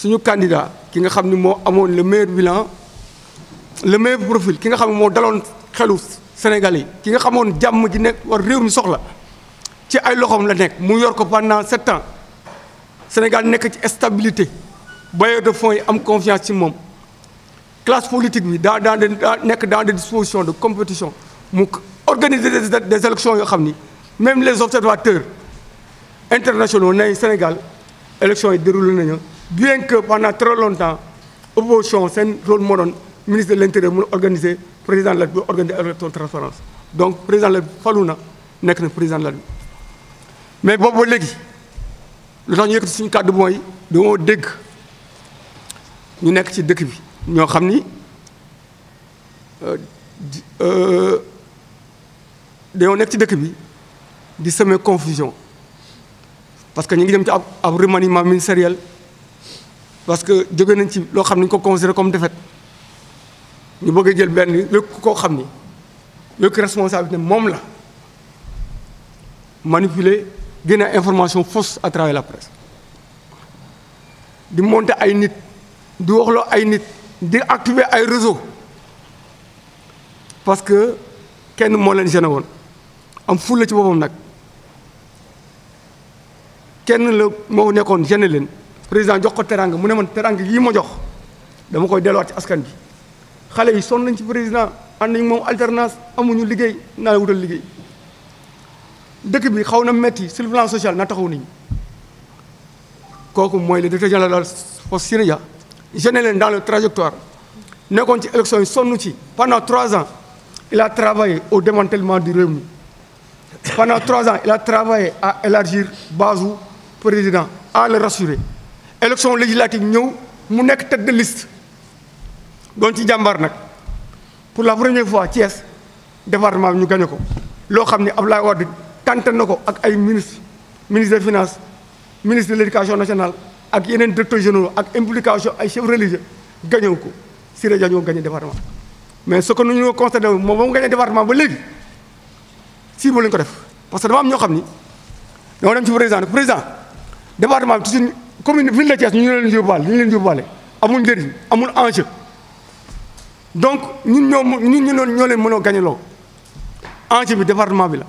suñu candidat ki nga xamni mo amone le meilleur bilan le meilleur profil ki nga xamni mo moo daloon xelu Sénégal ki nga xamone jamm gi nek war réew mi soxla ci ay loxom la nek mu yor ko pendant 7 ans Sénégal nek ci stabilité bailleurs de fonds yi am confiance ci mom classe politique bi da daa nek dans des dispositions de compétition mu organiser des des élections yo xamni même les observateurs internationaux nay Sénégal élections yi déroulé nañu bien que pendant trop longtemps opposition un rôle ministre de l'Intérieur, organisé, président de la République organiser élection transparence donc président de la na président de la République mais cadre boy des nous avons ci confusion parce que nous ngi dem ci remaniement ministériel parce que jóge nañ ci lo xamni ñu ko considérer comme défaite ñu bëgg jël benn yëkk ko xamni ni yëkk responsabilité moom la manipuler gëna information fausse à travers la presse di monter ay nit di lo ay nit di activer ay réseau parce que kenn mo leen gêné won am fulla ci boppam nak kenn le mo nekkoon gêné leen président jox ko teranga mu ne man teranga yi ma jox dama koy delluwaat ci askan bi xale yi sonn nañ ci président ànd nañ moom alternance amuñu liggéey na la wutal liggéey dëkk bi xawna metti sur plan social na taxaw ni koku moy le directeur général Fos Siré génne len dans le trajectoire nekkoon ci élection yi sonn ci pendant trois ans il a travaillé au démantèlement du régime. pendant trois ans il a travaillé à élargir base président à le rassurer élection législative ñëw mu nekk tête de liste doon ci jàmbaar nag pour la première fois Thiès département bi ñu gañe ko loo xam ni ne Abdoulaye Wade tànte na ko ak ay ministre ministre des finances ministre de l' nationale ak yeneen directeurs généraux ak implication ay chefs religieux gañewu ko si Dia ñoo gañe département mais ce que nu ñu constaté moom ba mu gañe département ba léegi si ba la ko def parce que dama am ñoo xam ni dama dem ci président commune ville de Thiès ñu leen yobale ñu leen yobale amul njëriñ amul enjeu donc ñun ñom ñun ñu ñoo leen mënoo gagner lo enjeu bi département bi la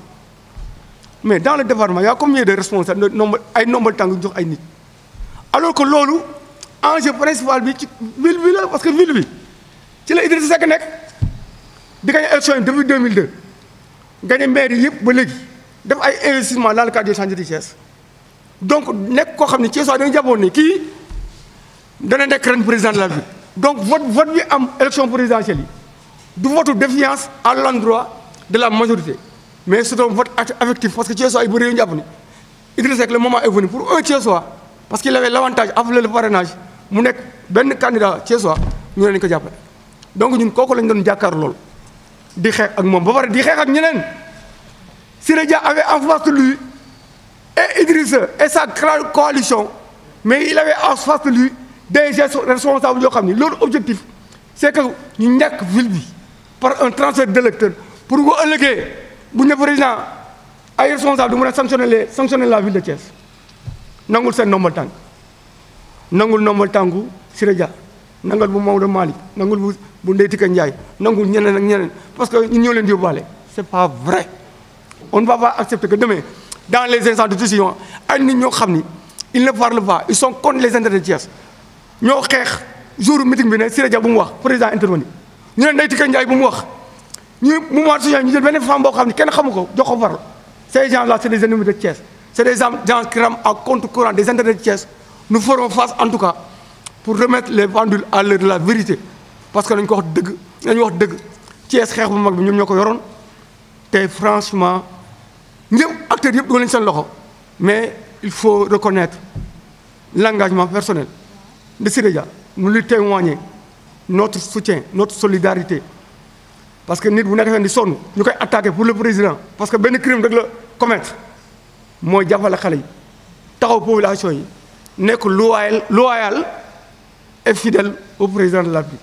mais dans le département il y' a combien de responsables nombre ay nombre tang jox ay nit alors que lolu enjeu principal bi ci ville bi la parce que ville bi ci la Idrissa Seck nek di gagné élection depuis 2002 gagné maire yi ba léegi def ay investissement dans le cadre du chantier de Thiès donc nekk koo xam ne Thiès dañu jàppoon ki da dana nek ren président de la République donc vote vote bi am élection présidentielle du vote défiance à l'endroit de la majorité mais c'est un vote affectif parce que Thiès yu bëri yu ñu jàpp ni. Idriss le moment est venu pour un so parce qu'il avait l'avantage après le parrainage mu nek ben candidat so ñu ne ko jàppale. donc ñun koko lañ doon jakar lool di xex ak mom ba pare di xex ak ñeneen avait en face de lui et Idriss et sa grande coalition, mais il avait en face de lui des responsables. Leur objectif, c'est que nous ville par un transfert d'électeurs pour vous alléguer, vous n'êtes président, à responsable de sanctionner, sanctionner la ville de Thiès. Nangul sen nombal tang. Nous, nombal tangu Sireja. Nangul bu Maodo Mali, nangul Nous, bu Ndey Tika Ndiaye, nangul ñeneen ak ñeneen parce que nous ñoo leen pas. Ce C'est pas vrai. On ne va pas accepter que demain dans les instances de décision ay nit ñoo xam ni ils ne parlent pas ils sont contre les intérêts de Thiès ñoo xeex jour meeting bi ne Siré Dia wax président intervenir ñu ne Ndeye Tické Ndiaye pas mu wax ñu mu mois de juin ñu jël benn femme boo xam ne kenn jox ko parole ces gens là c'est des ennemis de Thiès c'est des gens qui rament à contre-courant des intérêts de Thiès nous ferons face en tout cas pour remettre les pendules à l'heure de la vérité parce que dañu ko wax dëgg dañu wax dëgg Thiès xeex bu mag bi ñun ñoo ko yoroon franchement ñëpp acteurs yëpp nañ mais il faut reconnaître l'engagement personnel de nous lui témoigner notre soutien notre solidarité parce que nous, bu sommes pas di pour le président parce que benn crime rek la commettre mooy jàppale xale yi taxaw population yi nekk loyal loyal et fidèle au président de la République